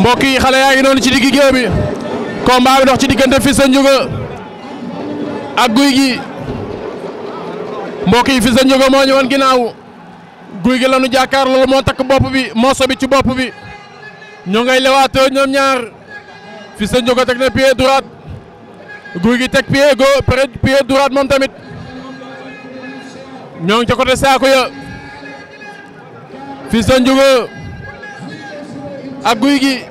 mbokk yi xale yaa ngi noonu ci diggi géew bi combat bi dox ci diggante Fils sa Ndiouga ak Gouye Gui mbokk yi Fils sa Ndiouga moo ñëwoon ginnaaw Gouye Gui lanu jàkkaar loolu moo takk bopp bi moo sobi ci bopp bi ñoo ngay lewaatoo ñoom ñaar Fils sa Ndiouga teg na pied droite Gouye Gui teg pied gauche pare pied droite moom tamit ñoo ngi ca côté saako ya Fils sa Ndiouga ak guy gi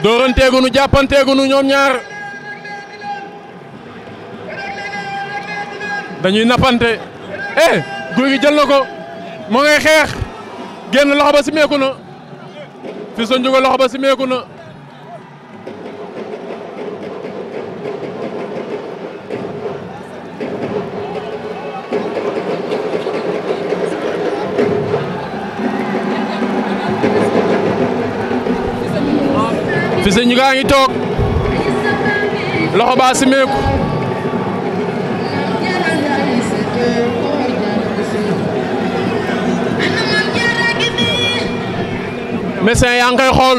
nu dóoranteegunu nu ñoom ñaar dañuy nappante eh guy gi jël na ko moo ngay xeex génn loxo ba si meeku na Fils de Ndiouga loxo ba si meeku na Cissé ñu gaa ngi toog loxo baa simeeku médecin yaa ngi koy xool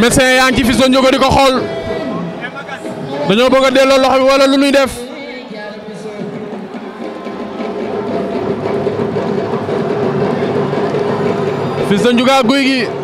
médecin yaa ngi ci Fils de ko xool dañoo bëgg a delloo loxo bi wala lu ñuy def Fils de Ndiougo Gouy Gui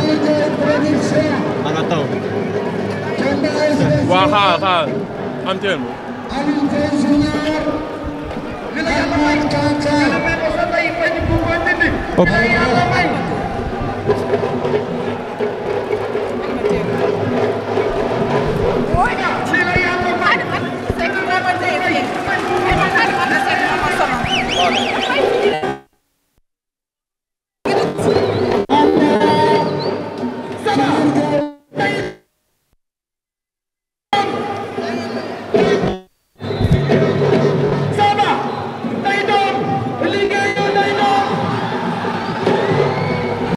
ana taw bi waa xaar xaar am teen mo Hop.